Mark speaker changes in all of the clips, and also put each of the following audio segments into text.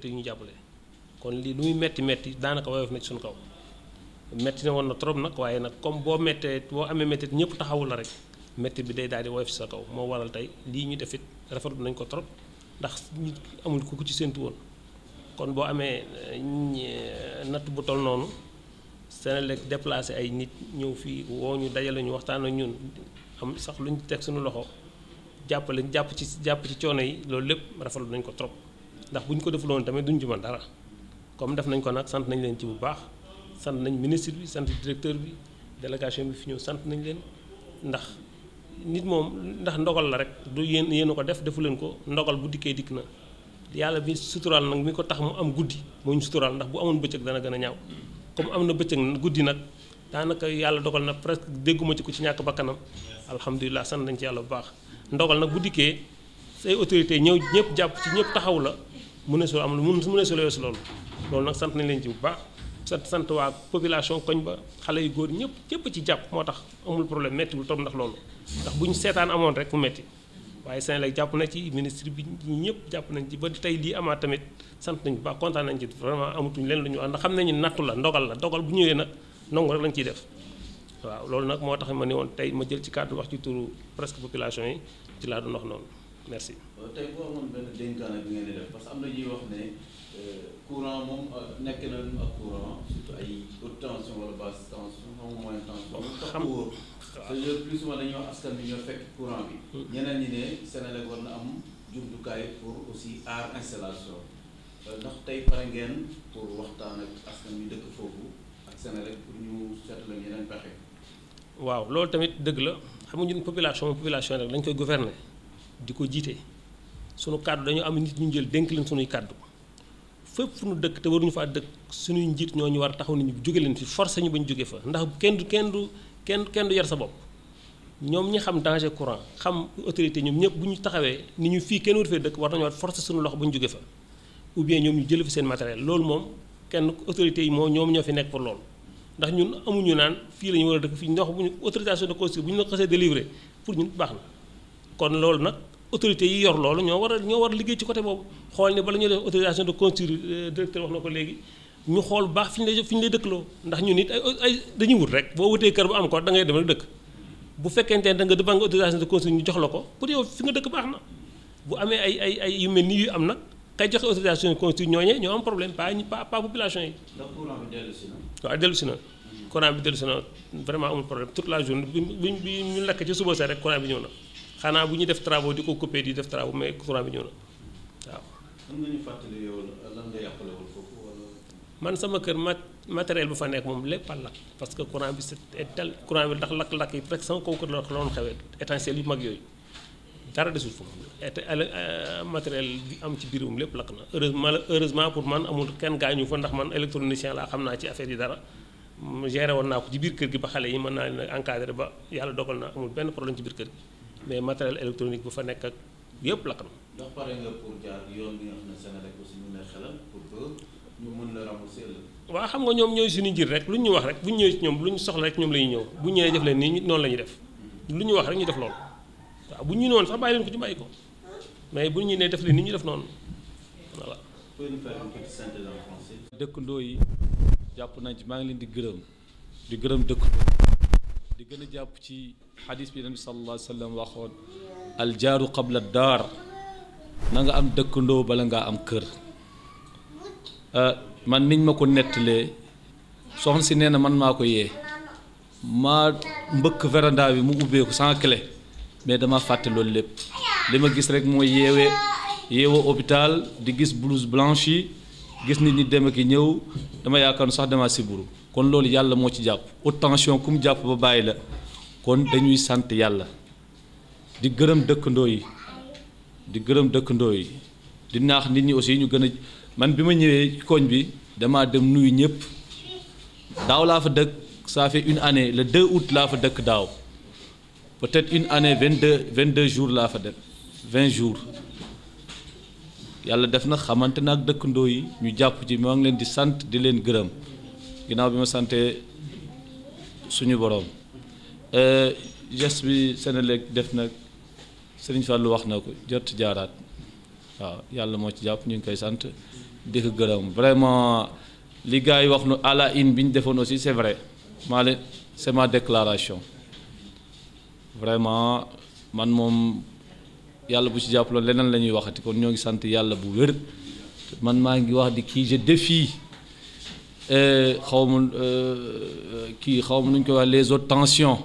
Speaker 1: te ñu jàppale kon lii lu muy metti metti daanaka woyof na ci suñu kaw metti ne woon na trop nag waaye nag comme boo mettee boo amee metti ñëpp taxawul la rek metti bi day daal di woyof ci sa kaw moo waral tey lii ñu defit rafetlu nañ ko trop ndax nit amul ku ci séntu woon kon boo amee euh, natt bu tol noonu Senelec déplacé ay nit ñëw fii woo ñu dajale ñu waxtaan ak ñun am sax lu ñu teg suñu loxo jàppale jàpp ci jàpp ci coono yi loolu lépp rafetlu nañ ko trop ndax bu ñu ko defuloon tamit duñ ci dara comme def nañ ko nag sant nañ leen ci bu baax sant nañ ministre bi sant directeur bi délégation bi fi ñëw sant nañ leen ndax nit moom ndax ndogal la rek du yéen yéen ko def defu leen ko ndogal bu dikkee dikk na yàlla bi suturaal nag mi ko tax mu am guddi moo ñu suturaal ndax bu amoon bëccëg dana gën a ñaw comme am na bëccëg guddi nag daanaka yàlla dogal na presque dégguma ci ko ci ñàkk bakkanam alhamdulilah sant nañ ci yàlla bu baax ndogal nag bu dikkee say autorités ñëw ñëpp jàpp ci ñëpp taxaw la mu ne solo am mu ne solo yoosu loolu loolu nag sant nañ leen ci bu baax sant sant waa population koñ ba xale yu góor ñëpp ñëpp ci jàpp moo tax amul problème méttiwul toog ndax loolu ndax bu ñu seetaan amoon rek mu métti waaye Senelec jàpp na ci ministre bi ñëpp jàpp nañ ci ba tey lii amaat tamit sant nañ bu baax kontaan nañ ci vraiment amatuñ leen lu ñu wax ndax xam nañu nattu la ndogal la dogal bu ñëwee nag nangu rek lañ ciy def waaw loolu nag moo tax ma ne woon tey ma jël ci kàddu wax ci turu presque population yi ci laa doon noonu merci.
Speaker 2: Euh, tey boo amoon benn dénkaan bi ngeen di def parce que am na ñuy wax ne euh, courant moom euh, nekk na ak courant surtout ay haute tension wala basse tension moom moyenne tension. xam nga plus souvent dañuy wax askan bi ñoo fekk courant bi. Hmm. ñeneen ñi ne Sénégal war na am jumtukaay pour aussi aar installation ndax tey pare ngeen pour waxtaan ak askan bi dëkk foofu ak Sénégal pour ñu seetlu ñeneen pexe.
Speaker 1: waaw loolu tamit dëgg la xam nga ñun population population rek lañ koy gouverner. di ko jiite sunu kàddu dañu am nit ñu jël dénk leen sunuy kàddu fépp fu nu dëkk te waruñu faa dëkk suñuy njiit ñoo ñu war a taxaw nañu jóge leen fi forcé ñu bañ jóge fa ndax kenn du kenn du kenn kenn du yar sa bopp ñoom ñi xam danger courant xam autorité ñoom ñëpp bu taxawee ni ñu fii kenn waru fee dëkk war nañu war forcé suñu loxo ñu jóge fa ou bien ñoom ñu jël fi seen matériel loolu moom kenn autorité yi moo ñoom ñoo fi nekk pour loolu ndax ñun amuñu naan fii la ñu war a dëkk fii ndox bu ñu autorisation de construire bu ñu la xasee délivré pour ñun baax na kon loolu nag autorités yi yor loolu ñoo war a ñoo war a liggéey ci côté boobu xool ni bala ñuy def autorisation de construire euh, directeur wax na ko léegi ñu xool baax fi ñu lay fi ñu lay dëkkaloo ndax ñun it ay ay wut rek boo wutee kër bu am ko da ngay dem rek dëkk bu fekkente ne da nga defal nga autorisation de construire ñu jox la ko pour yow fi nga dëkk baax na bu amee ay ay ay yu mel nii yu am nag kay joxe autorisation de construire ñooñee ñoo am problème pas ñu pas pas population yi. ndax courant na. waaw bi dellu si na vraiment amul problème toute la journée bi bi ñu lakk ci suba sa rek courant ñëw na. xanaa bu ñuy def travaux di ko couper di def travaux mais courant bi ñëw na
Speaker 2: waaw. mën
Speaker 1: man sama kër mat matériel bu fa nekk moom lépp a lakk parce que courant bi c'est tel courant bi ndax lakk-lakk yi presque sama kaw kër la loon xewee étincelle yu mag yooyu dara desul foofu euh, euh, matériel bi am ci biir moom lépp lakk na mal heureusement pour man amul kenn gaañu fa ndax man électronicien laa xam naa ci affaire yi dara. géré woon naa ko ci biir kër gi ba xale yi mën naa leen ba yàlla dogal na amul benn problème ci biir kër mais matériel électronique bu fa nekk ak yëpp lakk na.
Speaker 2: ndax pare nga pour jaar yoon bi nga xam ne Senelec aussi ñu lay xelal pour que ñu mën la rembourser la.
Speaker 1: waaw xam nga ñoom ñooy ni njir rek lu ñuy wax rek bu ñu ñëwee ci ñoom lu ñu soxla rek ñoom la ñuy ñëw bu ñëwee def leen nii noonu la ñuy def lu ñuy wax rek ñu def loolu waaw bu ñu noonu sax bàyyi leen ko ci bàyyi ko mais bu ñu nee def leen ni ñu def noonu
Speaker 3: dëkk ndoo yi jàpp nañ ci maa ngi leen di gërëm di gërëm dëkkandoo gën a jàpp ci xadis bi nabi sallallahu alayhi wa sallam waxoon aljaaru qabla daar na nga am dëkkandoo bala ngaa am kër euh, man niñ ma ko nettalee soxna si nee na man maa ko yee maa mbëkk veranda bi mu ubbeeku sans clé mais dama fàtte loolu lépp li ma gis rek moo yeewee yeewa hôpital di gis blouse blanche gis nit ñi dem ak ñëw dama yaakaar sax dama siburu kon loolu yàlla moo ci jàpp haute tension ku mu jàpp ba bàyyi la kon dañuy sant yàlla di gërëm dëkkandoo yi di gërëm dëkkandoo yi di naax nit ñi aussi ñu gën a man bi ma ñëwee koñ bi damaa dem nuyu ñëpp daaw laa fa dëkk ça fait une année le 2 août laa fa dëkk daaw peut-être une année vingt 22 jour laa fa dem 20 jours. yàlla def na xamante na ak dëkkandoo yi ñu jàpp ci maa ngi leen di sant di leen gërëm ginnaaw bi ma sante suñu boroom eh, geste bi Senelec def nag Serigne Fallou wax na ko jot jaaraat waaw yàlla moo ci jàpp ñu ngi koy sant di ko gërëm vraiment li yi wax nu àlla la une bi ñu defoon aussi c'est vrai maa leen c'est ma déclaration vraiment man moom. yàlla bu ci jàppaloon leneen la ñuy waxati ñoo ngi sant yàlla bu wér maa ngi wax di kii je défie euh, xaw ma euh, kii xaw koy wax les autres tensions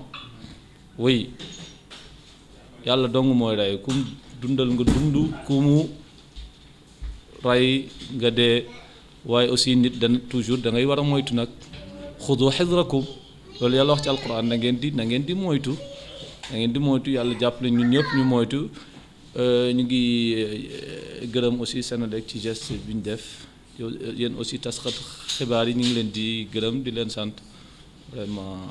Speaker 3: yàlla dong mooy rey ku dundal nga dund ku mu rey nga dee waaye aussi nit dana toujours da ngay war a moytu nag xudu xidrakum loolu yàlla wax ci alquran na ngeen di na ngeen di moytu yàlla jàppale ñun ñëpp ñu moytu Euh, ñu ngi euh, gërëm aussi Senelec ci geste bi ñu def yow euh, yéen aussi tasxat xibaar yi ñu ngi leen di gërëm di leen sant vraiment.